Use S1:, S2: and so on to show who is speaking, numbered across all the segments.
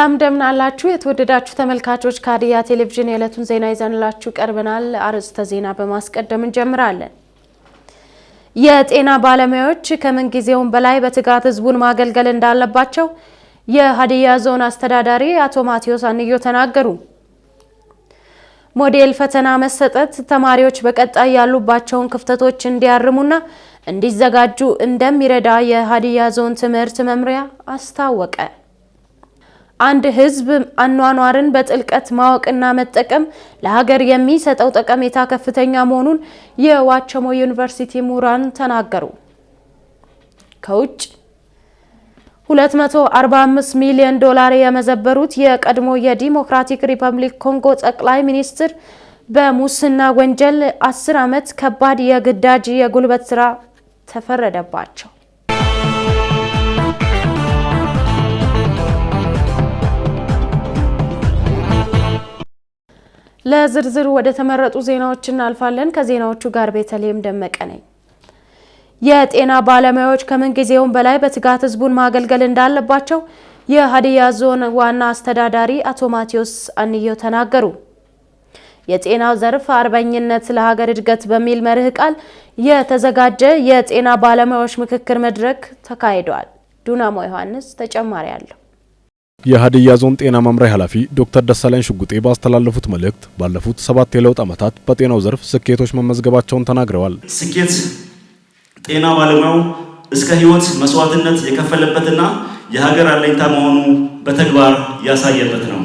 S1: ሰላም እንደምን አላችሁ የተወደዳችሁ ተመልካቾች፣ ሀዲያ ቴሌቪዥን የዕለቱን ዜና ይዘንላችሁ ቀርበናል። አርዕስተ ዜና በማስቀደም እንጀምራለን። የጤና ባለሙያዎች ከምንጊዜውም በላይ በትጋት ህዝቡን ማገልገል እንዳለባቸው የሀዲያ ዞን አስተዳዳሪ አቶ ማቴዎስ አንዮ ተናገሩ። ሞዴል ፈተና መሰጠት ተማሪዎች በቀጣይ ያሉባቸውን ክፍተቶች እንዲያርሙና እንዲዘጋጁ እንደሚረዳ የሀዲያ ዞን ትምህርት መምሪያ አስታወቀ። አንድ ሕዝብ አኗኗርን በጥልቀት ማወቅና መጠቀም ለሀገር የሚሰጠው ጠቀሜታ ከፍተኛ መሆኑን የዋቸሞ ዩኒቨርሲቲ ምሁራን ተናገሩ። ከውጭ 245 ሚሊዮን ዶላር የመዘበሩት የቀድሞ የዲሞክራቲክ ሪፐብሊክ ኮንጎ ጠቅላይ ሚኒስትር በሙስና ወንጀል 10 ዓመት ከባድ የግዳጅ የጉልበት ስራ ተፈረደባቸው። ለዝርዝር ወደ ተመረጡ ዜናዎች እናልፋለን። ከዜናዎቹ ጋር ቤተልሔም ደመቀ ነኝ። የጤና ባለሙያዎች ከምንጊዜውም በላይ በትጋት ህዝቡን ማገልገል እንዳለባቸው የሀዲያ ዞን ዋና አስተዳዳሪ አቶ ማቴዎስ አንየው ተናገሩ። የጤናው ዘርፍ አርበኝነት ለሀገር እድገት በሚል መርህ ቃል የተዘጋጀ የጤና ባለሙያዎች ምክክር መድረክ ተካሂዷል። ዱናሞ ዮሐንስ ተጨማሪ አለው።
S2: የሀዲያ ዞን ጤና መምሪያ ኃላፊ ዶክተር ደሳለኝ ሽጉጤ ባስተላለፉት መልእክት ባለፉት ሰባት የለውጥ ዓመታት በጤናው ዘርፍ ስኬቶች መመዝገባቸውን ተናግረዋል።
S3: ስኬት ጤና ባለሙያው እስከ ህይወት መስዋዕትነት የከፈለበትና የሀገር አለኝታ መሆኑ በተግባር ያሳየበት ነው።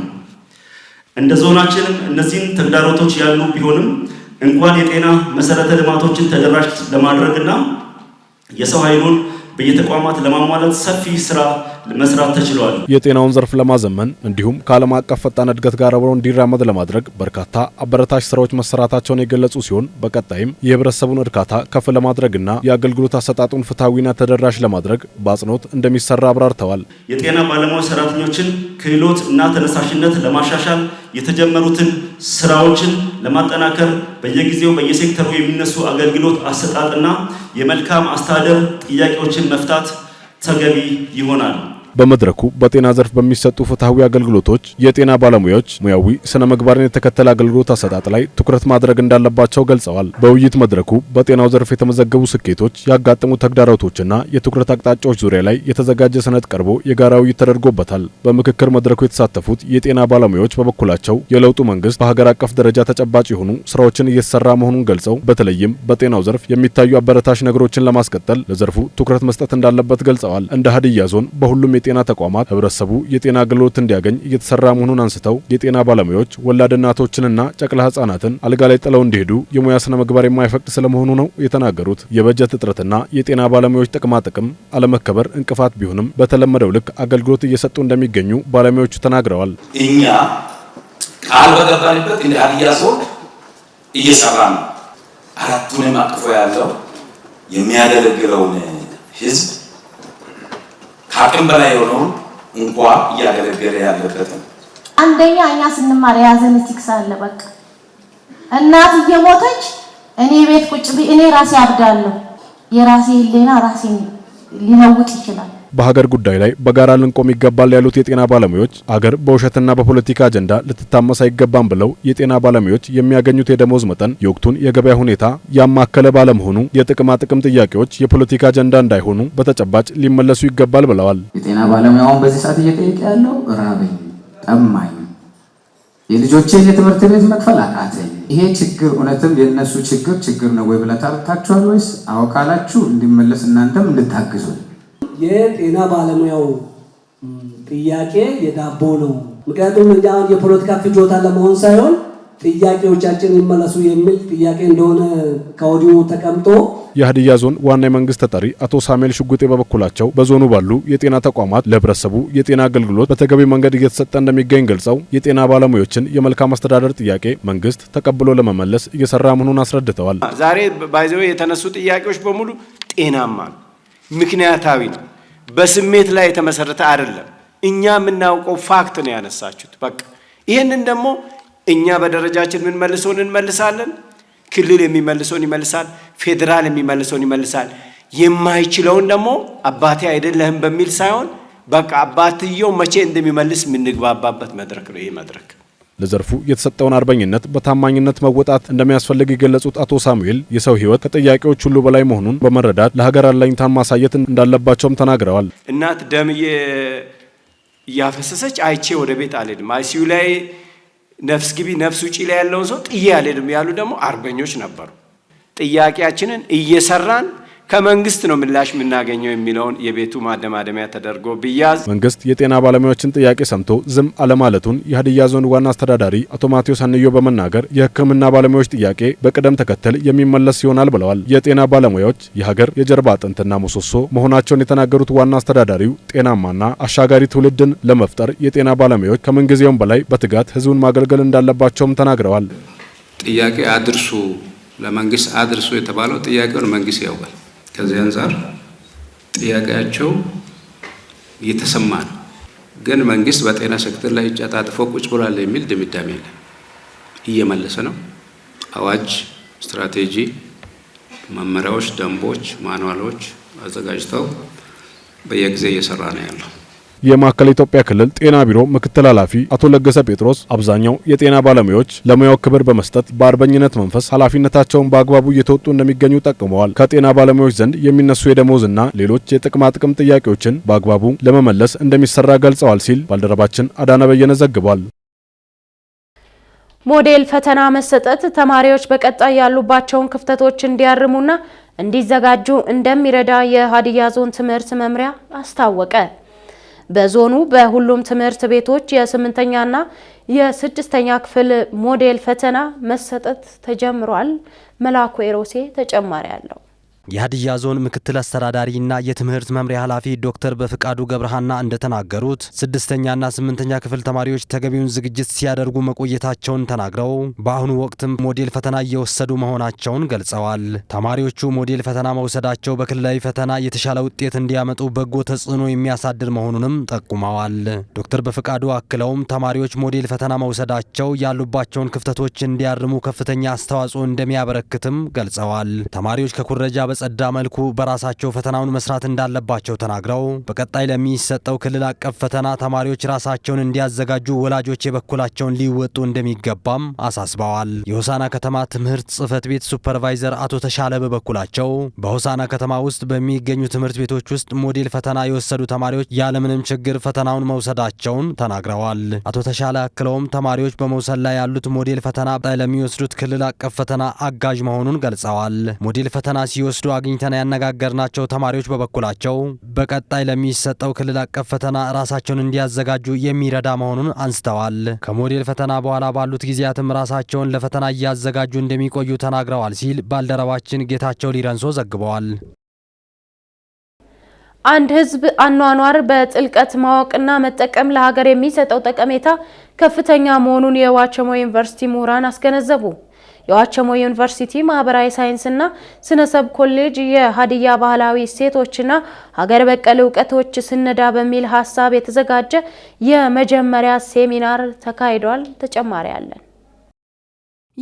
S3: እንደ ዞናችንም እነዚህን ተግዳሮቶች ያሉ ቢሆንም እንኳን የጤና መሰረተ ልማቶችን ተደራሽ ለማድረግና የሰው ኃይሉን በየተቋማት ለማሟላት ሰፊ ስራ መስራት ተችሏል።
S2: የጤናውን ዘርፍ ለማዘመን እንዲሁም ከዓለም አቀፍ ፈጣን እድገት ጋር አብሮ እንዲራመድ ለማድረግ በርካታ አበረታች ስራዎች መሰራታቸውን የገለጹ ሲሆን በቀጣይም የህብረተሰቡን እርካታ ከፍ ለማድረግና የአገልግሎት አሰጣጡን ፍትሐዊና ተደራሽ ለማድረግ በአጽንኦት እንደሚሰራ አብራርተዋል።
S3: የጤና ባለሙያ ሰራተኞችን ክህሎት እና ተነሳሽነት ለማሻሻል የተጀመሩትን ስራዎችን ለማጠናከር በየጊዜው በየሴክተሩ የሚነሱ አገልግሎት አሰጣጥና የመልካም አስተዳደር ጥያቄዎችን መፍታት ተገቢ ይሆናል።
S2: በመድረኩ በጤና ዘርፍ በሚሰጡ ፍትሐዊ አገልግሎቶች የጤና ባለሙያዎች ሙያዊ ስነ ምግባርን የተከተለ አገልግሎት አሰጣጥ ላይ ትኩረት ማድረግ እንዳለባቸው ገልጸዋል። በውይይት መድረኩ በጤናው ዘርፍ የተመዘገቡ ስኬቶች፣ ያጋጠሙ ተግዳሮቶችና የትኩረት አቅጣጫዎች ዙሪያ ላይ የተዘጋጀ ሰነድ ቀርቦ የጋራ ውይይት ተደርጎበታል። በምክክር መድረኩ የተሳተፉት የጤና ባለሙያዎች በበኩላቸው የለውጡ መንግስት በሀገር አቀፍ ደረጃ ተጨባጭ የሆኑ ስራዎችን እየተሰራ መሆኑን ገልጸው በተለይም በጤናው ዘርፍ የሚታዩ አበረታሽ ነገሮችን ለማስቀጠል ለዘርፉ ትኩረት መስጠት እንዳለበት ገልጸዋል። እንደ ሀዲያ ዞን በሁሉም የጤና ተቋማት ህብረተሰቡ የጤና አገልግሎት እንዲያገኝ እየተሰራ መሆኑን አንስተው የጤና ባለሙያዎች ወላድ እናቶችንና ጨቅላ ህጻናትን አልጋ ላይ ጥለው እንዲሄዱ የሙያ ስነ ምግባር የማይፈቅድ ስለመሆኑ ነው የተናገሩት። የበጀት እጥረትና የጤና ባለሙያዎች ጥቅማጥቅም አለመከበር እንቅፋት ቢሆንም በተለመደው ልክ አገልግሎት እየሰጡ እንደሚገኙ ባለሙያዎቹ ተናግረዋል።
S4: እኛ ቃል በገባንበት እንደ ሀዲያ ዞን እየሰራ ነው። አራቱንም አቅፎ ያለው የሚያገለግለውን ህዝብ ከአቅም በላይ የሆነውን እንኳ እያገለገለ ያለበት ነው።
S5: አንደኛ እኛ ስንማር የያዘን ኢቲክስ አለ። በቃ እናት እየሞተች እኔ ቤት ቁጭ እኔ ራሴ አብዳለሁ። የራሴ ሌና ራሴ ሊለውጥ ይችላል።
S2: በሀገር ጉዳይ ላይ በጋራ ልንቆም ይገባል ያሉት የጤና ባለሙያዎች አገር በውሸትና በፖለቲካ አጀንዳ ልትታመስ አይገባም ብለው የጤና ባለሙያዎች የሚያገኙት የደሞዝ መጠን የወቅቱን የገበያ ሁኔታ ያማከለ ባለመሆኑ የጥቅማ ጥቅም ጥያቄዎች የፖለቲካ አጀንዳ እንዳይሆኑ በተጨባጭ ሊመለሱ ይገባል ብለዋል።
S6: የጤና ባለሙያውን በዚህ ሰዓት እየጠየቀ ያለው ራበኝ፣ ጠማኝ፣ የልጆቼን የትምህርት ቤት መክፈል አቃተኝ። ይሄ ችግር እውነትም የእነሱ ችግር ችግር ነው ወይ ብለታርታችኋል ወይስ አወቃላችሁ እንዲመለስ እናንተም እንድታግዙል
S7: የጤና ባለሙያው ጥያቄ የዳቦ ነው። ምክንያቱም የፖለቲካ ፍጆታ ለመሆን ሳይሆን ጥያቄዎቻችን ይመለሱ የሚል ጥያቄ እንደሆነ ከወዲሁ ተቀምጦ
S2: የሀዲያ ዞን ዋና የመንግስት ተጠሪ አቶ ሳሙኤል ሽጉጤ በበኩላቸው በዞኑ ባሉ የጤና ተቋማት ለህብረተሰቡ የጤና አገልግሎት በተገቢ መንገድ እየተሰጠ እንደሚገኝ ገልጸው የጤና ባለሙያዎችን የመልካም አስተዳደር ጥያቄ መንግስት ተቀብሎ ለመመለስ እየሰራ መሆኑን አስረድተዋል።
S8: ዛሬ ባይዘዌ የተነሱ ጥያቄዎች በሙሉ ጤናማ ምክንያታዊ ነው። በስሜት ላይ የተመሰረተ አይደለም። እኛ የምናውቀው ፋክት ነው ያነሳችሁት። በቃ ይህንን ደግሞ እኛ በደረጃችን የምንመልሰውን እንመልሳለን። ክልል የሚመልሰውን ይመልሳል። ፌዴራል የሚመልሰውን ይመልሳል። የማይችለውን ደግሞ አባቴ አይደለህም በሚል ሳይሆን በቃ አባትየው መቼ እንደሚመልስ የምንግባባበት መድረክ ነው ይህ መድረክ።
S2: ለዘርፉ የተሰጠውን አርበኝነት በታማኝነት መወጣት እንደሚያስፈልግ የገለጹት አቶ ሳሙኤል የሰው ህይወት ከጥያቄዎች ሁሉ በላይ መሆኑን በመረዳት ለሀገር አለኝታን ማሳየት እንዳለባቸውም ተናግረዋል።
S8: እናት ደም እያፈሰሰች አይቼ ወደ ቤት አልሄድም፣ አይሲዩ ላይ ነፍስ ግቢ ነፍስ ውጪ ላይ ያለውን ሰው ጥዬ አልሄድም ያሉ ደግሞ አርበኞች ነበሩ። ጥያቄያችንን እየሰራን ከመንግስት ነው ምላሽ የምናገኘው የሚለውን የቤቱ ማደማደሚያ ተደርጎ ብያዝ
S2: መንግስት የጤና ባለሙያዎችን ጥያቄ ሰምቶ ዝም አለማለቱን የሀዲያ ዞን ዋና አስተዳዳሪ አቶ ማቴዎስ አንዮ በመናገር የሕክምና ባለሙያዎች ጥያቄ በቅደም ተከተል የሚመለስ ይሆናል ብለዋል። የጤና ባለሙያዎች የሀገር የጀርባ አጥንትና ምሰሶ መሆናቸውን የተናገሩት ዋና አስተዳዳሪው ጤናማና አሻጋሪ ትውልድን ለመፍጠር የጤና ባለሙያዎች ከምንጊዜውም በላይ በትጋት ህዝቡን ማገልገል እንዳለባቸውም ተናግረዋል።
S9: ጥያቄ አድርሱ ለመንግስት አድርሱ የተባለው ጥያቄውን መንግስት ያውቃል። ከዚህ አንጻር ጥያቄያቸው እየተሰማ ነው። ግን መንግስት በጤና ሴክተር ላይ እጅ አጣጥፎ ቁጭ ብሏል የሚል ድምዳሜ የለም። እየመለሰ ነው። አዋጅ፣ ስትራቴጂ፣ መመሪያዎች፣ ደንቦች፣ ማንዋሎች አዘጋጅተው በየጊዜ እየሰራ ነው ያለው።
S2: የማዕከል ኢትዮጵያ ክልል ጤና ቢሮ ምክትል ኃላፊ አቶ ለገሰ ጴጥሮስ አብዛኛው የጤና ባለሙያዎች ለሙያው ክብር በመስጠት በአርበኝነት መንፈስ ኃላፊነታቸውን በአግባቡ እየተወጡ እንደሚገኙ ጠቅመዋል። ከጤና ባለሙያዎች ዘንድ የሚነሱ የደሞዝና ሌሎች የጥቅማጥቅም ጥያቄዎችን በአግባቡ ለመመለስ እንደሚሰራ ገልጸዋል ሲል ባልደረባችን አዳነ በየነ ዘግቧል።
S1: ሞዴል ፈተና መሰጠት ተማሪዎች በቀጣይ ያሉባቸውን ክፍተቶች እንዲያርሙና እንዲዘጋጁ እንደሚረዳ የሀዲያ ዞን ትምህርት መምሪያ አስታወቀ። በዞኑ በሁሉም ትምህርት ቤቶች የስምንተኛና የስድስተኛ ክፍል ሞዴል ፈተና መሰጠት ተጀምሯል። መላኩ ኤሮሴ ተጨማሪ አለው።
S2: የሀዲያ ዞን ምክትል አስተዳዳሪና የትምህርት መምሪያ ኃላፊ ዶክተር በፍቃዱ ገብረሃና እንደተናገሩት ስድስተኛና ስምንተኛ ክፍል ተማሪዎች ተገቢውን ዝግጅት ሲያደርጉ መቆየታቸውን ተናግረው በአሁኑ ወቅትም ሞዴል ፈተና እየወሰዱ መሆናቸውን ገልጸዋል። ተማሪዎቹ ሞዴል ፈተና መውሰዳቸው በክልላዊ ፈተና የተሻለ ውጤት እንዲያመጡ በጎ ተጽዕኖ የሚያሳድር መሆኑንም ጠቁመዋል። ዶክተር በፍቃዱ አክለውም ተማሪዎች ሞዴል ፈተና መውሰዳቸው ያሉባቸውን ክፍተቶች እንዲያርሙ ከፍተኛ አስተዋጽኦ እንደሚያበረክትም ገልጸዋል። ተማሪዎች ከኩረጃ በጸዳ መልኩ በራሳቸው ፈተናውን መስራት እንዳለባቸው ተናግረው በቀጣይ ለሚሰጠው ክልል አቀፍ ፈተና ተማሪዎች ራሳቸውን እንዲያዘጋጁ ወላጆች የበኩላቸውን ሊወጡ እንደሚገባም አሳስበዋል። የሆሳና ከተማ ትምህርት ጽህፈት ቤት ሱፐርቫይዘር አቶ ተሻለ በበኩላቸው በሆሳና ከተማ ውስጥ በሚገኙ ትምህርት ቤቶች ውስጥ ሞዴል ፈተና የወሰዱ ተማሪዎች ያለምንም ችግር ፈተናውን መውሰዳቸውን ተናግረዋል። አቶ ተሻለ አክለውም ተማሪዎች በመውሰድ ላይ ያሉት ሞዴል ፈተና ለሚወስዱት ክልል አቀፍ ፈተና አጋዥ መሆኑን ገልጸዋል። ሞዴል ፈተና ሲወስዱ ወስዶ አግኝተን ያነጋገርናቸው ተማሪዎች በበኩላቸው በቀጣይ ለሚሰጠው ክልል አቀፍ ፈተና ራሳቸውን እንዲያዘጋጁ የሚረዳ መሆኑን አንስተዋል። ከሞዴል ፈተና በኋላ ባሉት ጊዜያትም ራሳቸውን ለፈተና እያዘጋጁ እንደሚቆዩ ተናግረዋል ሲል ባልደረባችን ጌታቸው ሊረንሶ ዘግበዋል።
S1: አንድ ህዝብ አኗኗር በጥልቀት ማወቅና መጠቀም ለሀገር የሚሰጠው ጠቀሜታ ከፍተኛ መሆኑን የዋቸሞ ዩኒቨርሲቲ ምሁራን አስገነዘቡ። የዋቸሞ ዩኒቨርሲቲ ማህበራዊ ሳይንስና ስነሰብ ኮሌጅ የሀዲያ ባህላዊ እሴቶችና ሀገር በቀል እውቀቶች ስነዳ በሚል ሀሳብ የተዘጋጀ የመጀመሪያ ሴሚናር ተካሂዷል። ተጨማሪ አለን።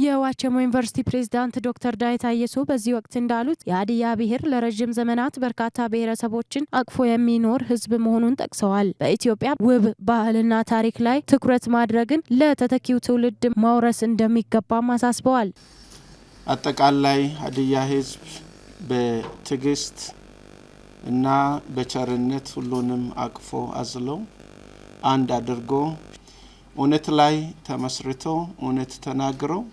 S1: የዋቸሞ ዩኒቨርሲቲ ፕሬዝዳንት ዶክተር ዳዊት አየሶ በዚህ ወቅት እንዳሉት የሀዲያ ብሔር ለረዥም ዘመናት በርካታ ብሔረሰቦችን አቅፎ የሚኖር ህዝብ መሆኑን ጠቅሰዋል። በኢትዮጵያ ውብ ባህልና ታሪክ ላይ ትኩረት ማድረግን ለተተኪው ትውልድ ማውረስ እንደሚገባም አሳስበዋል።
S10: አጠቃላይ ሀዲያ ህዝብ በትዕግስት እና በቸርነት ሁሉንም አቅፎ አዝለው አንድ አድርጎ እውነት ላይ ተመስርቶ እውነት ተናግረው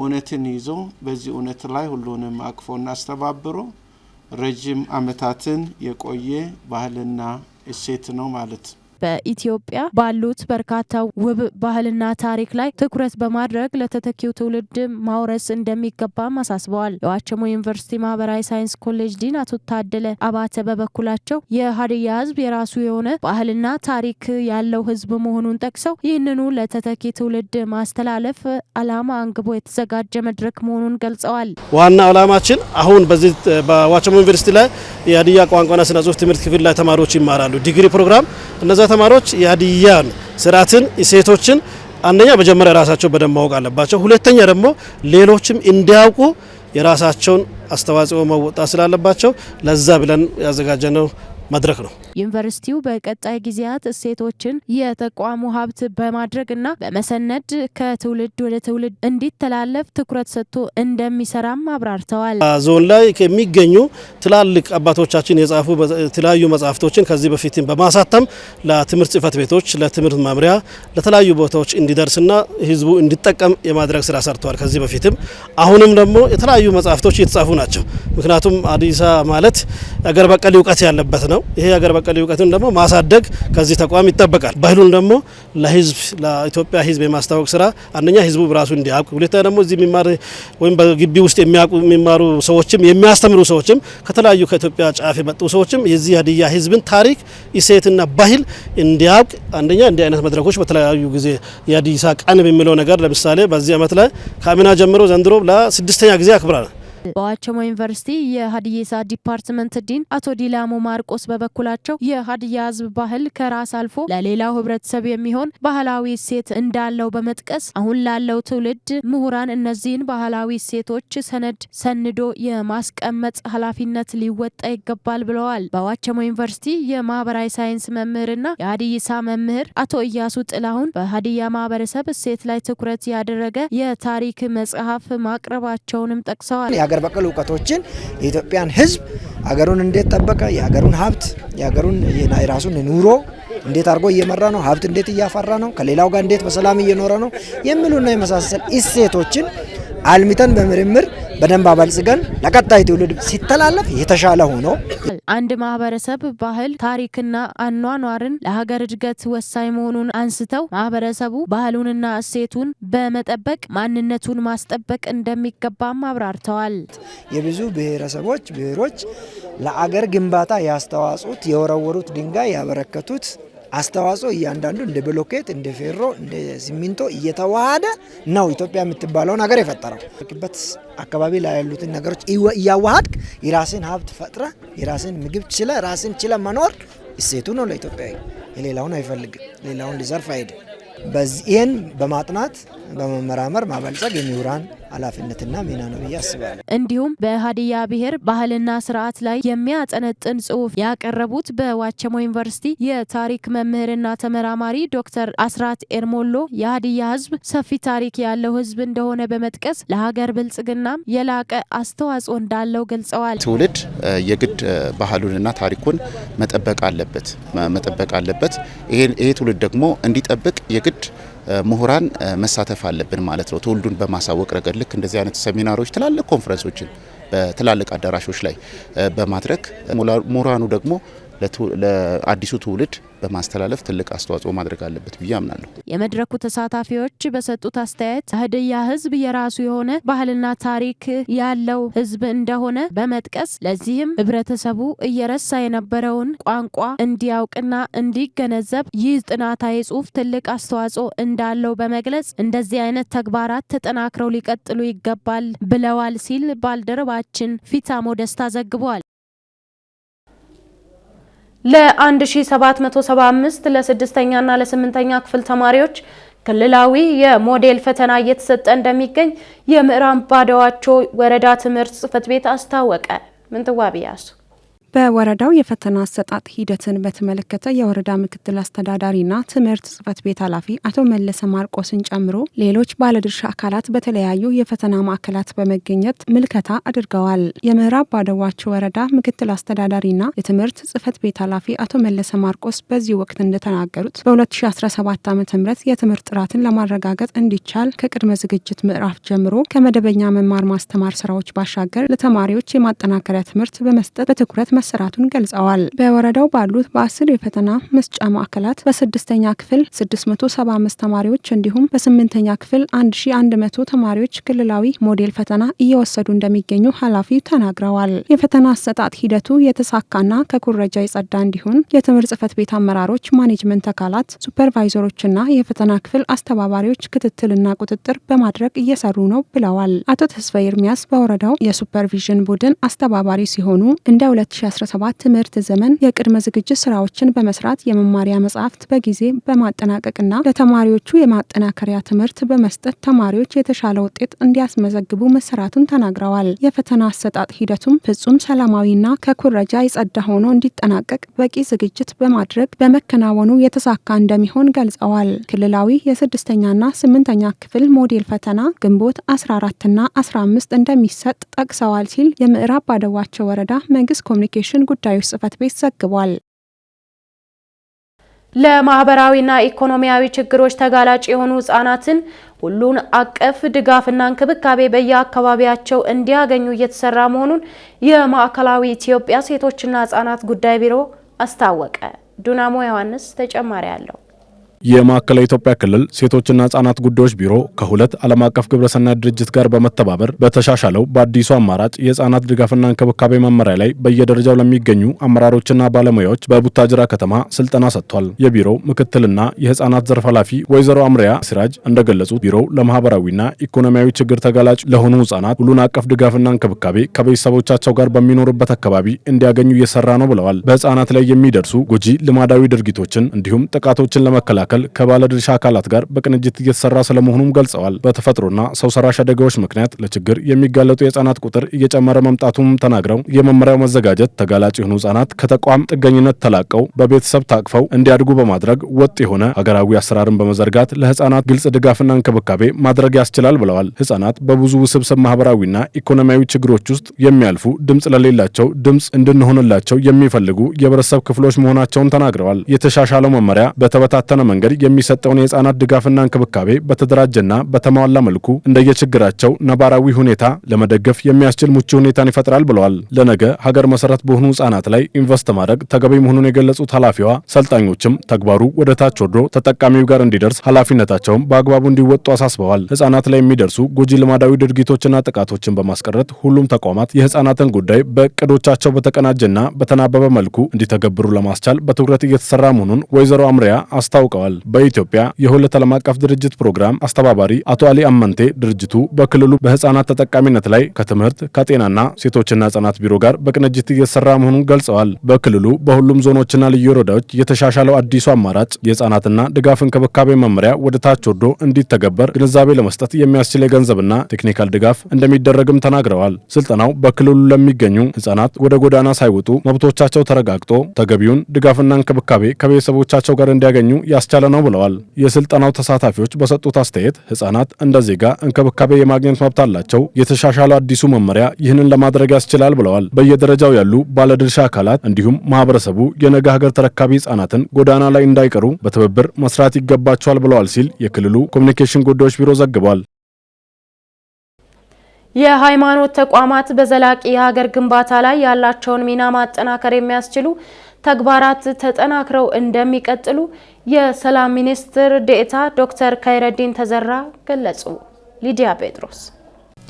S10: እውነትን ይዞ በዚህ እውነት ላይ ሁሉንም አቅፎና አስተባብሮ ረዥም ዓመታትን የቆየ ባህልና እሴት ነው ማለት
S1: በኢትዮጵያ ባሉት በርካታ ውብ ባህልና ታሪክ ላይ ትኩረት በማድረግ ለተተኪው ትውልድ ማውረስ እንደሚገባም አሳስበዋል። የዋቸሞ ዩኒቨርሲቲ ማህበራዊ ሳይንስ ኮሌጅ ዲን አቶ ታደለ አባተ በበኩላቸው የሀዲያ ህዝብ የራሱ የሆነ ባህልና ታሪክ ያለው ህዝብ መሆኑን ጠቅሰው ይህንኑ ለተተኪ ትውልድ ማስተላለፍ አላማ አንግቦ የተዘጋጀ መድረክ መሆኑን ገልጸዋል።
S11: ዋና አላማችን አሁን በዚህ በዋቸሞ ዩኒቨርሲቲ ላይ የሀዲያ ቋንቋና ስነ ጽሁፍ ትምህርት ክፍል ላይ ተማሪዎች ይማራሉ። ዲግሪ ፕሮግራም እነዛ ተማሪዎች የሀዲያን ስርዓትን ሴቶችን አንደኛ መጀመሪያ ራሳቸው በደንብ ማወቅ አለባቸው። ሁለተኛ ደግሞ ሌሎችም እንዲያውቁ የራሳቸውን አስተዋጽኦ መወጣት ስላለባቸው ለዛ ብለን ያዘጋጀነው መድረክ ነው።
S1: ዩኒቨርሲቲው በቀጣይ ጊዜያት እሴቶችን የተቋሙ ሀብት በማድረግና በመሰነድ ከትውልድ ወደ ትውልድ እንዲተላለፍ ትኩረት ሰጥቶ እንደሚሰራም አብራርተዋል።
S11: ዞን ላይ ከሚገኙ ትላልቅ አባቶቻችን የጻፉ የተለያዩ መጽሐፍቶችን ከዚህ በፊትም በማሳተም ለትምህርት ጽህፈት ቤቶች፣ ለትምህርት መምሪያ፣ ለተለያዩ ቦታዎች እንዲደርስና ህዝቡ እንዲጠቀም የማድረግ ስራ ሰርተዋል። ከዚህ በፊትም አሁንም ደግሞ የተለያዩ መጽሐፍቶች እየተጻፉ ናቸው። ምክንያቱም አዲሳ ማለት አገር በቀል እውቀት ያለበት ነው። ነው። ይሄ ሀገር በቀል እውቀትን ደግሞ ማሳደግ ከዚህ ተቋም ይጠበቃል። ባህሉን ደግሞ ለህዝብ ለኢትዮጵያ ህዝብ የማስታወቅ ስራ አንደኛ ህዝቡ ራሱ እንዲያውቅ፣ ሁለተኛ ደግሞ እዚህ የሚማር ወይም በግቢ ውስጥ የሚያውቁ የሚማሩ ሰዎችም የሚያስተምሩ ሰዎችም ከተለያዩ ከኢትዮጵያ ጫፍ የመጡ ሰዎችም የዚህ ሀዲያ ህዝብን ታሪክ እሴትና ባህል እንዲያውቅ አንደኛ እንዲህ አይነት መድረኮች በተለያዩ ጊዜ የሀዲሳ ቀን የሚለው ነገር ለምሳሌ በዚህ አመት ላይ ከአምና ጀምሮ ዘንድሮ ለስድስተኛ ጊዜ አክብራል።
S1: በዋቸሞ ዩኒቨርሲቲ የሀዲየሳ ዲፓርትመንት ዲን አቶ ዲላሞ ማርቆስ በበኩላቸው የሀዲያ ህዝብ ባህል ከራስ አልፎ ለሌላው ህብረተሰብ የሚሆን ባህላዊ እሴት እንዳለው በመጥቀስ አሁን ላለው ትውልድ ምሁራን እነዚህን ባህላዊ እሴቶች ሰነድ ሰንዶ የማስቀመጥ ኃላፊነት ሊወጣ ይገባል ብለዋል። በዋቸሞ ዩኒቨርሲቲ የማህበራዊ ሳይንስ መምህርና የሀዲይሳ መምህር አቶ እያሱ ጥላሁን በሀዲያ ማህበረሰብ እሴት ላይ ትኩረት ያደረገ የታሪክ መጽሐፍ ማቅረባቸውንም ጠቅሰዋል።
S12: ሀገር በቀል እውቀቶችን የኢትዮጵያን ህዝብ ሀገሩን እንዴት ጠበቀ፣ የሀገሩን ሀብት የሀገሩን የራሱን ኑሮ እንዴት አድርጎ እየመራ ነው፣ ሀብት እንዴት እያፈራ ነው፣ ከሌላው ጋር እንዴት በሰላም እየኖረ ነው የሚሉና የመሳሰል እሴቶችን አልሚተን በምርምር በደንብ አበልጽገን ለቀጣይ ትውልድ ሲተላለፍ የተሻለ ሆኖ
S1: አንድ ማህበረሰብ ባህል፣ ታሪክና አኗኗርን ለሀገር እድገት ወሳኝ መሆኑን አንስተው ማህበረሰቡ ባህሉንና እሴቱን በመጠበቅ ማንነቱን ማስጠበቅ እንደሚገባም አብራርተዋል።
S13: የብዙ ብሔረሰቦች ብሔሮች ለአገር ግንባታ ያስተዋጽኦት የወረወሩት ድንጋይ ያበረከቱት አስተዋጽኦ እያንዳንዱ እንደ ብሎኬት፣ እንደ ፌሮ፣ እንደ ሲሚንቶ እየተዋሃደ ነው ኢትዮጵያ የምትባለውን ሀገር የፈጠረው። በት አካባቢ ላይ ያሉትን ነገሮች እያዋሃድክ የራስን ሀብት ፈጥረ የራስን ምግብ ችለ ራስን ችለ መኖር እሴቱ ነው ለኢትዮጵያዊ። የሌላውን አይፈልግም፣ ሌላውን ሊዘርፍ አይሄድም። ይህን በማጥናት በመመራመር ማበልጸግ የሚውራን ኃላፊነትና ሚና ነው ብዬ አስባለሁ።
S1: እንዲሁም በሀዲያ ብሔር ባህልና ስርዓት ላይ የሚያጠነጥን ጽሁፍ ያቀረቡት በዋቸሞ ዩኒቨርሲቲ የታሪክ መምህርና ተመራማሪ ዶክተር አስራት ኤርሞሎ የሀዲያ ህዝብ ሰፊ ታሪክ ያለው ህዝብ እንደሆነ በመጥቀስ ለሀገር ብልጽግናም የላቀ አስተዋጽኦ እንዳለው ገልጸዋል።
S14: ትውልድ የግድ ባህሉንና ታሪኩን መጠበቅ አለበት መጠበቅ አለበት። ይሄ ትውልድ ደግሞ እንዲጠብቅ የግድ ምሁራን መሳተፍ አለብን ማለት ነው። ትውልዱን በማሳወቅ ረገድ ልክ እንደዚህ አይነት ሰሚናሮች፣ ትላልቅ ኮንፈረንሶችን በትላልቅ አዳራሾች ላይ በማድረግ ምሁራኑ ደግሞ ለአዲሱ ትውልድ በማስተላለፍ ትልቅ አስተዋጽኦ ማድረግ አለበት ብዬ አምናለሁ።
S1: የመድረኩ ተሳታፊዎች በሰጡት አስተያየት ሀዲያ ሕዝብ የራሱ የሆነ ባህልና ታሪክ ያለው ሕዝብ እንደሆነ በመጥቀስ ለዚህም ህብረተሰቡ እየረሳ የነበረውን ቋንቋ እንዲያውቅና እንዲገነዘብ ይህ ጥናታዊ ጽሑፍ ትልቅ አስተዋጽኦ እንዳለው በመግለጽ እንደዚህ አይነት ተግባራት ተጠናክረው ሊቀጥሉ ይገባል ብለዋል ሲል ባልደረባችን ፊታሞ ደስታ ዘግቧል። ለ1775 ለስድስተኛና ለስምንተኛ ክፍል ተማሪዎች ክልላዊ የሞዴል ፈተና እየተሰጠ እንደሚገኝ የምዕራብ ባደዋቾ ወረዳ ትምህርት ጽሕፈት ቤት አስታወቀ። ምንትዋብ ያሱ በወረዳው የፈተና አሰጣጥ ሂደትን በተመለከተ የወረዳ ምክትል አስተዳዳሪና ትምህርት ጽህፈት ቤት ኃላፊ አቶ መለሰ ማርቆስን ጨምሮ ሌሎች ባለድርሻ አካላት በተለያዩ የፈተና ማዕከላት በመገኘት ምልከታ አድርገዋል። የምዕራብ ባደዋቸው ወረዳ ምክትል አስተዳዳሪና የትምህርት ጽህፈት ቤት ኃላፊ አቶ መለሰ ማርቆስ በዚህ ወቅት እንደተናገሩት በ2017 ዓ ም የትምህርት ጥራትን ለማረጋገጥ እንዲቻል ከቅድመ ዝግጅት ምዕራፍ ጀምሮ ከመደበኛ መማር ማስተማር ስራዎች ባሻገር ለተማሪዎች የማጠናከሪያ ትምህርት በመስጠት በትኩረት መሰራቱን ገልጸዋል። በወረዳው ባሉት በአስር የፈተና መስጫ ማዕከላት በስድስተኛ ክፍል 675 ተማሪዎች እንዲሁም በስምንተኛ ክፍል 1100 ተማሪዎች ክልላዊ ሞዴል ፈተና እየወሰዱ እንደሚገኙ ኃላፊው ተናግረዋል። የፈተና አሰጣጥ ሂደቱ የተሳካና ከኩረጃ የጸዳ እንዲሆን የትምህርት ጽህፈት ቤት አመራሮች፣ ማኔጅመንት አካላት፣ ሱፐርቫይዘሮችና የፈተና ክፍል አስተባባሪዎች ክትትልና ቁጥጥር በማድረግ እየሰሩ ነው ብለዋል። አቶ ተስፋ ኤርሚያስ በወረዳው የሱፐርቪዥን ቡድን አስተባባሪ ሲሆኑ እንደ 2015 2017 ትምህርት ዘመን የቅድመ ዝግጅት ስራዎችን በመስራት የመማሪያ መጽሐፍት በጊዜ በማጠናቀቅና ለተማሪዎቹ የማጠናከሪያ ትምህርት በመስጠት ተማሪዎች የተሻለ ውጤት እንዲያስመዘግቡ መሰራቱን ተናግረዋል። የፈተና አሰጣጥ ሂደቱም ፍጹም ሰላማዊና ከኩረጃ የጸዳ ሆኖ እንዲጠናቀቅ በቂ ዝግጅት በማድረግ በመከናወኑ የተሳካ እንደሚሆን ገልጸዋል። ክልላዊ የስድስተኛና ስምንተኛ ክፍል ሞዴል ፈተና ግንቦት 14ና 15 እንደሚሰጥ ጠቅሰዋል ሲል የምዕራብ ባደዋቸው ወረዳ መንግስት ኮሚኒኬ ኮሚኒኬሽን ጉዳዮች ጽህፈት ቤት ዘግቧል። ለማህበራዊና ኢኮኖሚያዊ ችግሮች ተጋላጭ የሆኑ ህጻናትን ሁሉን አቀፍ ድጋፍና እንክብካቤ በየአካባቢያቸው እንዲያገኙ እየተሰራ መሆኑን የማዕከላዊ ኢትዮጵያ ሴቶችና ህጻናት ጉዳይ ቢሮ አስታወቀ። ዱናሞ ዮሐንስ ተጨማሪ አለው።
S2: የማዕከላዊ ኢትዮጵያ ክልል ሴቶችና ህጻናት ጉዳዮች ቢሮ ከሁለት ዓለም አቀፍ ግብረሰናይ ድርጅት ጋር በመተባበር በተሻሻለው በአዲሱ አማራጭ የህጻናት ድጋፍና እንክብካቤ መመሪያ ላይ በየደረጃው ለሚገኙ አመራሮችና ባለሙያዎች በቡታጅራ ከተማ ስልጠና ሰጥቷል። የቢሮው ምክትልና የህጻናት ዘርፍ ኃላፊ ወይዘሮ አምሪያ ሲራጅ እንደገለጹት ቢሮው ለማህበራዊና ኢኮኖሚያዊ ችግር ተጋላጭ ለሆኑ ህጻናት ሁሉን አቀፍ ድጋፍና እንክብካቤ ከቤተሰቦቻቸው ጋር በሚኖሩበት አካባቢ እንዲያገኙ እየሰራ ነው ብለዋል። በህጻናት ላይ የሚደርሱ ጎጂ ልማዳዊ ድርጊቶችን እንዲሁም ጥቃቶችን ለመከላከል መካከል ከባለድርሻ አካላት ጋር በቅንጅት እየተሰራ ስለመሆኑም ገልጸዋል። በተፈጥሮና ሰው ሰራሽ አደጋዎች ምክንያት ለችግር የሚጋለጡ የህጻናት ቁጥር እየጨመረ መምጣቱም ተናግረው የመመሪያው መዘጋጀት ተጋላጭ የሆኑ ህጻናት ከተቋም ጥገኝነት ተላቀው በቤተሰብ ታቅፈው እንዲያድጉ በማድረግ ወጥ የሆነ ሀገራዊ አሰራርን በመዘርጋት ለህጻናት ግልጽ ድጋፍና እንክብካቤ ማድረግ ያስችላል ብለዋል። ህጻናት በብዙ ውስብስብ ማህበራዊና ኢኮኖሚያዊ ችግሮች ውስጥ የሚያልፉ ድምፅ ለሌላቸው ድምፅ እንድንሆንላቸው የሚፈልጉ የህብረተሰብ ክፍሎች መሆናቸውን ተናግረዋል። የተሻሻለው መመሪያ በተበታተነ መንገድ የሚሰጠውን የህፃናት ድጋፍና እንክብካቤ በተደራጀና በተሟላ መልኩ እንደየችግራቸው ነባራዊ ሁኔታ ለመደገፍ የሚያስችል ምቹ ሁኔታን ይፈጥራል ብለዋል። ለነገ ሀገር መሰረት በሆኑ ህጻናት ላይ ኢንቨስት ማድረግ ተገቢ መሆኑን የገለጹት ኃላፊዋ ሰልጣኞችም ተግባሩ ወደ ታች ወርዶ ተጠቃሚው ጋር እንዲደርስ ኃላፊነታቸውን በአግባቡ እንዲወጡ አሳስበዋል። ህጻናት ላይ የሚደርሱ ጎጂ ልማዳዊ ድርጊቶችና ጥቃቶችን በማስቀረት ሁሉም ተቋማት የህጻናትን ጉዳይ በእቅዶቻቸው በተቀናጀና በተናበበ መልኩ እንዲተገብሩ ለማስቻል በትኩረት እየተሰራ መሆኑን ወይዘሮ አምሪያ አስታውቀዋል። ብለዋል። በኢትዮጵያ የሁለት ዓለም አቀፍ ድርጅት ፕሮግራም አስተባባሪ አቶ አሊ አመንቴ ድርጅቱ በክልሉ በህፃናት ተጠቃሚነት ላይ ከትምህርት ከጤናና ሴቶችና ህጻናት ቢሮ ጋር በቅንጅት እየተሰራ መሆኑን ገልጸዋል። በክልሉ በሁሉም ዞኖችና ልዩ ወረዳዎች የተሻሻለው አዲሱ አማራጭ የህፃናትና ድጋፍ እንክብካቤ መመሪያ ወደ ታች ወርዶ እንዲተገበር ግንዛቤ ለመስጠት የሚያስችል የገንዘብና ቴክኒካል ድጋፍ እንደሚደረግም ተናግረዋል። ስልጠናው በክልሉ ለሚገኙ ህጻናት ወደ ጎዳና ሳይወጡ መብቶቻቸው ተረጋግጦ ተገቢውን ድጋፍና እንክብካቤ ከቤተሰቦቻቸው ጋር እንዲያገኙ ያስቻል የተቻለ ነው ብለዋል። የስልጠናው ተሳታፊዎች በሰጡት አስተያየት ህጻናት እንደ ዜጋ እንክብካቤ የማግኘት መብት አላቸው። የተሻሻሉ አዲሱ መመሪያ ይህንን ለማድረግ ያስችላል ብለዋል። በየደረጃው ያሉ ባለድርሻ አካላት እንዲሁም ማህበረሰቡ የነገ ሀገር ተረካቢ ህጻናትን ጎዳና ላይ እንዳይቀሩ በትብብር መስራት ይገባቸዋል ብለዋል ሲል የክልሉ ኮሚኒኬሽን ጉዳዮች ቢሮ ዘግቧል።
S1: የሃይማኖት ተቋማት በዘላቂ የሀገር ግንባታ ላይ ያላቸውን ሚና ማጠናከር የሚያስችሉ ተግባራት ተጠናክረው እንደሚቀጥሉ የሰላም ሚኒስትር ዴኤታ ዶክተር ከይረዲን ተዘራ ገለጹ። ሊዲያ ጴጥሮስ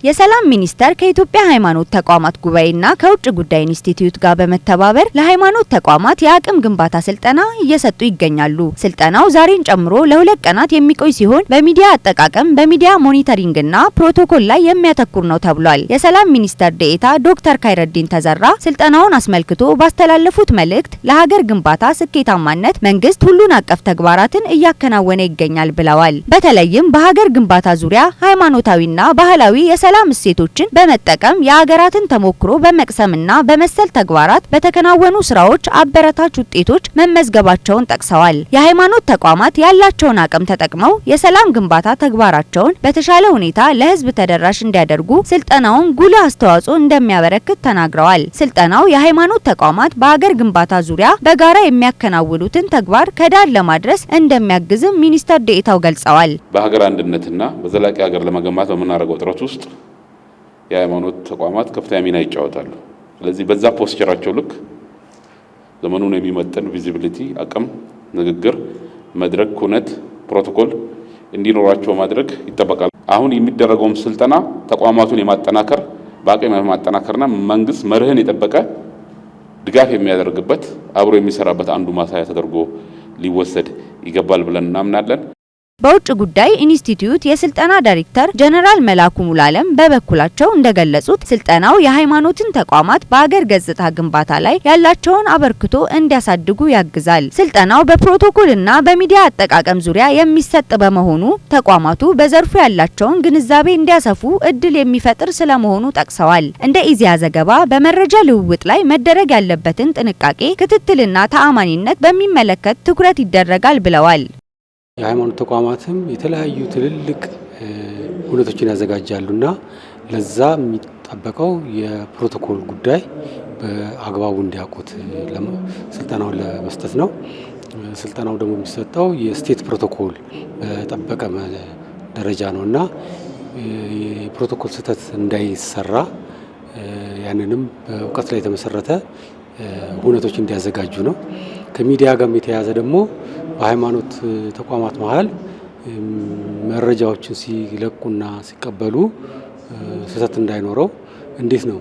S1: የሰላም ሚኒስቴር ከኢትዮጵያ ሃይማኖት ተቋማት ጉባኤና ከውጭ ጉዳይ ኢንስቲትዩት ጋር በመተባበር ለሃይማኖት ተቋማት የአቅም ግንባታ ስልጠና እየሰጡ ይገኛሉ። ስልጠናው ዛሬን ጨምሮ ለሁለት ቀናት የሚቆይ ሲሆን በሚዲያ አጠቃቀም፣ በሚዲያ ሞኒተሪንግና ፕሮቶኮል ላይ የሚያተኩር ነው ተብሏል። የሰላም ሚኒስቴር ዴኤታ ዶክተር ካይረዲን ተዘራ ስልጠናውን አስመልክቶ ባስተላለፉት መልእክት ለሀገር ግንባታ ስኬታማነት መንግስት ሁሉን አቀፍ ተግባራትን እያከናወነ ይገኛል ብለዋል። በተለይም በሀገር ግንባታ ዙሪያ ሃይማኖታዊና ባህላዊ የሰላም የሰላም እሴቶችን በመጠቀም የሀገራትን ተሞክሮ በመቅሰምና በመሰል ተግባራት በተከናወኑ ስራዎች አበረታች ውጤቶች መመዝገባቸውን ጠቅሰዋል። የሃይማኖት ተቋማት ያላቸውን አቅም ተጠቅመው የሰላም ግንባታ ተግባራቸውን በተሻለ ሁኔታ ለህዝብ ተደራሽ እንዲያደርጉ ስልጠናውን ጉልህ አስተዋጽኦ እንደሚያበረክት ተናግረዋል። ስልጠናው የሃይማኖት ተቋማት በሀገር ግንባታ ዙሪያ በጋራ የሚያከናውኑትን ተግባር ከዳር ለማድረስ እንደሚያግዝም ሚኒስተር ዴኤታው ገልጸዋል።
S15: በሀገር አንድነትና በዘላቂ ሀገር ለመገንባት በምናደርገው ጥረት ውስጥ የሃይማኖት ተቋማት ከፍተኛ ሚና ይጫወታሉ። ስለዚህ በዛ ፖስቸራቸው ልክ ዘመኑን የሚመጥን ቪዚቢሊቲ፣ አቅም፣ ንግግር፣ መድረክ፣ ኩነት፣ ፕሮቶኮል እንዲኖራቸው ማድረግ ይጠበቃል። አሁን የሚደረገውም ስልጠና ተቋማቱን የማጠናከር በአቅም የማጠናከርና መንግስት መርህን የጠበቀ ድጋፍ የሚያደርግበት አብሮ የሚሰራበት አንዱ ማሳያ ተደርጎ ሊወሰድ ይገባል ብለን እናምናለን።
S1: በውጭ ጉዳይ ኢንስቲትዩት የስልጠና ዳይሬክተር ጀነራል መላኩ ሙላለም በበኩላቸው እንደገለጹት ስልጠናው የሃይማኖትን ተቋማት በአገር ገጽታ ግንባታ ላይ ያላቸውን አበርክቶ እንዲያሳድጉ ያግዛል። ስልጠናው በፕሮቶኮልና በሚዲያ አጠቃቀም ዙሪያ የሚሰጥ በመሆኑ ተቋማቱ በዘርፉ ያላቸውን ግንዛቤ እንዲያሰፉ እድል የሚፈጥር ስለመሆኑ ጠቅሰዋል። እንደ ኢዜአ ዘገባ በመረጃ ልውውጥ ላይ መደረግ ያለበትን ጥንቃቄ፣ ክትትልና ተአማኒነት በሚመለከት ትኩረት ይደረጋል ብለዋል።
S16: የሃይማኖት ተቋማትም የተለያዩ ትልልቅ ሁነቶችን ያዘጋጃሉና ለዛ የሚጠበቀው የፕሮቶኮል ጉዳይ በአግባቡ እንዲያውቁት ስልጠናውን ለመስጠት ነው። ስልጠናው ደግሞ የሚሰጠው የስቴት ፕሮቶኮል በጠበቀ ደረጃ ነው እና የፕሮቶኮል ስህተት እንዳይሰራ ያንንም በእውቀት ላይ የተመሰረተ ሁነቶች እንዲያዘጋጁ ነው። ከሚዲያ ጋር የተያያዘ ደግሞ በሃይማኖት ተቋማት መሀል መረጃዎችን ሲለቁና ሲቀበሉ ስህተት እንዳይኖረው እንዴት ነው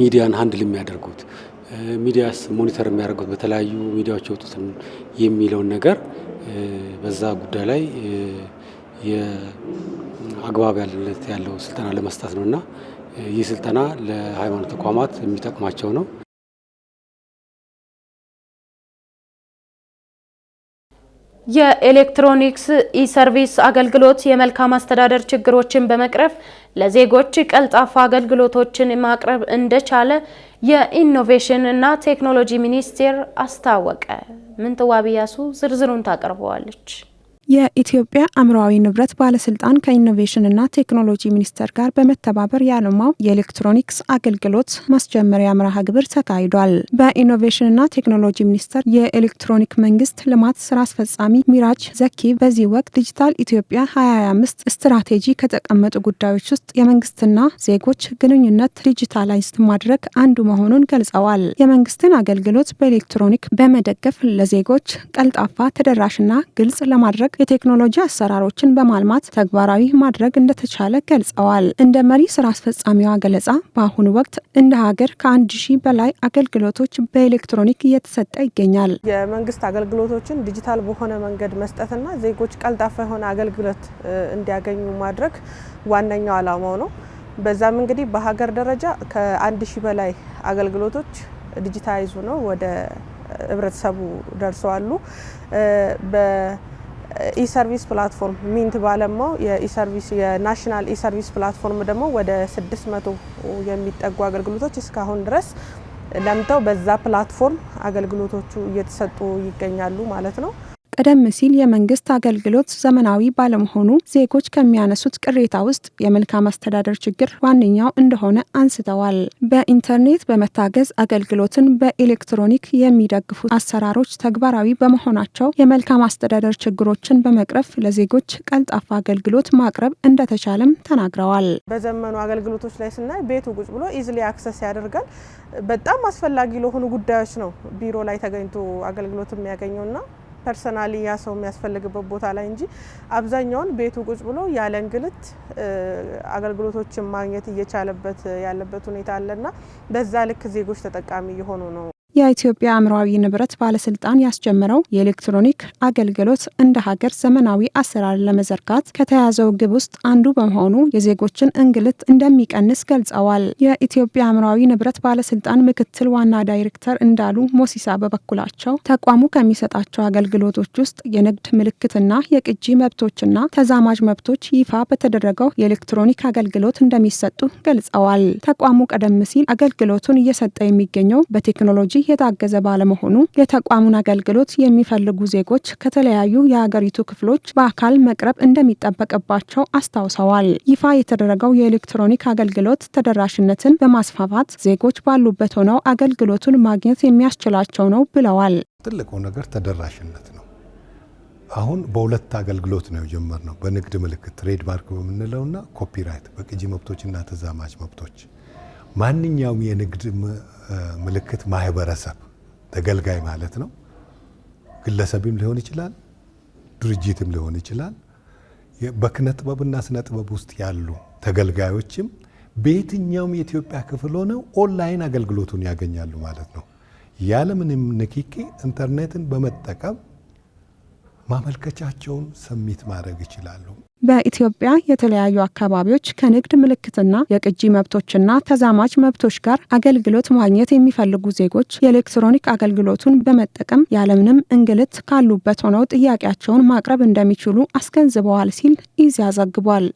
S16: ሚዲያን ሀንድል የሚያደርጉት ሚዲያስ ሞኒተር የሚያደርጉት በተለያዩ ሚዲያዎች የወጡትን የሚለውን ነገር በዛ ጉዳይ ላይ የአግባብ ያለለት ያለው ስልጠና ለመስጠት ነው እና ይህ ስልጠና ለሃይማኖት ተቋማት የሚጠቅማቸው ነው።
S1: የኤሌክትሮኒክስ ኢሰርቪስ አገልግሎት የመልካም አስተዳደር ችግሮችን በመቅረፍ ለዜጎች ቀልጣፋ አገልግሎቶችን ማቅረብ እንደቻለ የኢኖቬሽን እና ቴክኖሎጂ ሚኒስቴር አስታወቀ። ምንትዋብ ያሱ ዝርዝሩን ታቀርበዋለች። የኢትዮጵያ አእምሯዊ ንብረት ባለስልጣን ከኢኖቬሽንና ቴክኖሎጂ ሚኒስቴር ጋር በመተባበር ያለማው የኤሌክትሮኒክስ አገልግሎት ማስጀመሪያ መርሃ ግብር ተካሂዷል። በኢኖቬሽንና ቴክኖሎጂ ሚኒስቴር የኤሌክትሮኒክ መንግስት ልማት ስራ አስፈጻሚ ሚራጅ ዘኪ በዚህ ወቅት ዲጂታል ኢትዮጵያ 2025 ስትራቴጂ ከተቀመጡ ጉዳዮች ውስጥ የመንግስትና ዜጎች ግንኙነት ዲጂታላይዝድ ማድረግ አንዱ መሆኑን ገልጸዋል። የመንግስትን አገልግሎት በኤሌክትሮኒክ በመደገፍ ለዜጎች ቀልጣፋ ተደራሽና ግልጽ ለማድረግ የቴክኖሎጂ አሰራሮችን በማልማት ተግባራዊ ማድረግ እንደተቻለ ገልጸዋል። እንደ መሪ ስራ አስፈጻሚዋ ገለጻ በአሁኑ ወቅት እንደ ሀገር ከአንድ ሺህ በላይ አገልግሎቶች በኤሌክትሮኒክ እየተሰጠ ይገኛል።
S17: የመንግስት አገልግሎቶችን ዲጂታል በሆነ መንገድ መስጠትና ዜጎች ቀልጣፋ የሆነ አገልግሎት እንዲያገኙ ማድረግ ዋነኛው ዓላማው ነው። በዛም እንግዲህ በሀገር ደረጃ ከአንድ ሺህ በላይ አገልግሎቶች ዲጂታይዙ ነው ወደ ህብረተሰቡ ደርሰዋሉ። ኢሰርቪስ ፕላትፎርም ሚንት ባለማው የኢሰርቪስ የናሽናል ኢሰርቪስ ፕላትፎርም ደግሞ ወደ 600 የሚጠጉ አገልግሎቶች እስካሁን ድረስ ለምተው በዛ ፕላትፎርም አገልግሎቶቹ እየተሰጡ ይገኛሉ ማለት ነው።
S1: ቀደም ሲል የመንግስት አገልግሎት ዘመናዊ ባለመሆኑ ዜጎች ከሚያነሱት ቅሬታ ውስጥ የመልካም አስተዳደር ችግር ዋነኛው እንደሆነ አንስተዋል። በኢንተርኔት በመታገዝ አገልግሎትን በኤሌክትሮኒክ የሚደግፉ አሰራሮች ተግባራዊ በመሆናቸው የመልካም አስተዳደር ችግሮችን በመቅረፍ ለዜጎች ቀልጣፋ አገልግሎት ማቅረብ እንደተቻለም ተናግረዋል።
S18: በዘመኑ አገልግሎቶች ላይ ስናይ ቤቱ ቁጭ ብሎ ኢዝሊ አክሰስ ያደርጋል። በጣም አስፈላጊ ለሆኑ ጉዳዮች ነው ቢሮ ላይ ተገኝቶ አገልግሎት የሚያገኘውና ፐርሰናሊ ያ ሰው የሚያስፈልግበት ቦታ ላይ እንጂ አብዛኛውን ቤቱ ቁጭ ብሎ ያለ እንግልት አገልግሎቶችን ማግኘት እየቻለበት ያለበት ሁኔታ አለና በዛ ልክ ዜጎች ተጠቃሚ እየሆኑ ነው።
S1: የኢትዮጵያ አእምሯዊ ንብረት ባለስልጣን ያስጀመረው የኤሌክትሮኒክ አገልግሎት እንደ ሀገር ዘመናዊ አሰራር ለመዘርጋት ከተያዘው ግብ ውስጥ አንዱ በመሆኑ የዜጎችን እንግልት እንደሚቀንስ ገልጸዋል። የኢትዮጵያ አእምሯዊ ንብረት ባለስልጣን ምክትል ዋና ዳይሬክተር እንዳሉ ሞሲሳ በበኩላቸው ተቋሙ ከሚሰጣቸው አገልግሎቶች ውስጥ የንግድ ምልክትና የቅጂ መብቶችና ተዛማጅ መብቶች ይፋ በተደረገው የኤሌክትሮኒክ አገልግሎት እንደሚሰጡ ገልጸዋል። ተቋሙ ቀደም ሲል አገልግሎቱን እየሰጠ የሚገኘው በቴክኖሎጂ የታገዘ ባለመሆኑ የተቋሙን አገልግሎት የሚፈልጉ ዜጎች ከተለያዩ የሀገሪቱ ክፍሎች በአካል መቅረብ እንደሚጠበቅባቸው አስታውሰዋል። ይፋ የተደረገው የኤሌክትሮኒክ አገልግሎት ተደራሽነትን በማስፋፋት ዜጎች ባሉበት ሆነው አገልግሎቱን ማግኘት የሚያስችላቸው ነው ብለዋል።
S19: ትልቁ ነገር ተደራሽነት ነው። አሁን በሁለት አገልግሎት ነው የጀመርነው፣ በንግድ ምልክት ትሬድማርክ በምንለውና ኮፒራይት በቅጂ መብቶችና ተዛማጅ መብቶች ማንኛውም የንግድ ምልክት ማህበረሰብ ተገልጋይ ማለት ነው። ግለሰብም ሊሆን ይችላል፣ ድርጅትም ሊሆን ይችላል። በኪነ ጥበብና ስነ ጥበብ ውስጥ ያሉ ተገልጋዮችም በየትኛውም የኢትዮጵያ ክፍል ሆነው ኦንላይን አገልግሎቱን ያገኛሉ ማለት ነው። ያለምንም ንኪኪ ኢንተርኔትን በመጠቀም ማመልከቻቸውን ሰሚት ማድረግ ይችላሉ።
S1: በኢትዮጵያ የተለያዩ አካባቢዎች ከንግድ ምልክትና የቅጂ መብቶችና ተዛማጅ መብቶች ጋር አገልግሎት ማግኘት የሚፈልጉ ዜጎች የኤሌክትሮኒክ አገልግሎቱን በመጠቀም ያለምንም እንግልት ካሉበት ሆነው ጥያቄያቸውን ማቅረብ እንደሚችሉ አስገንዝበዋል ሲል ኢዜአ ዘግቧል።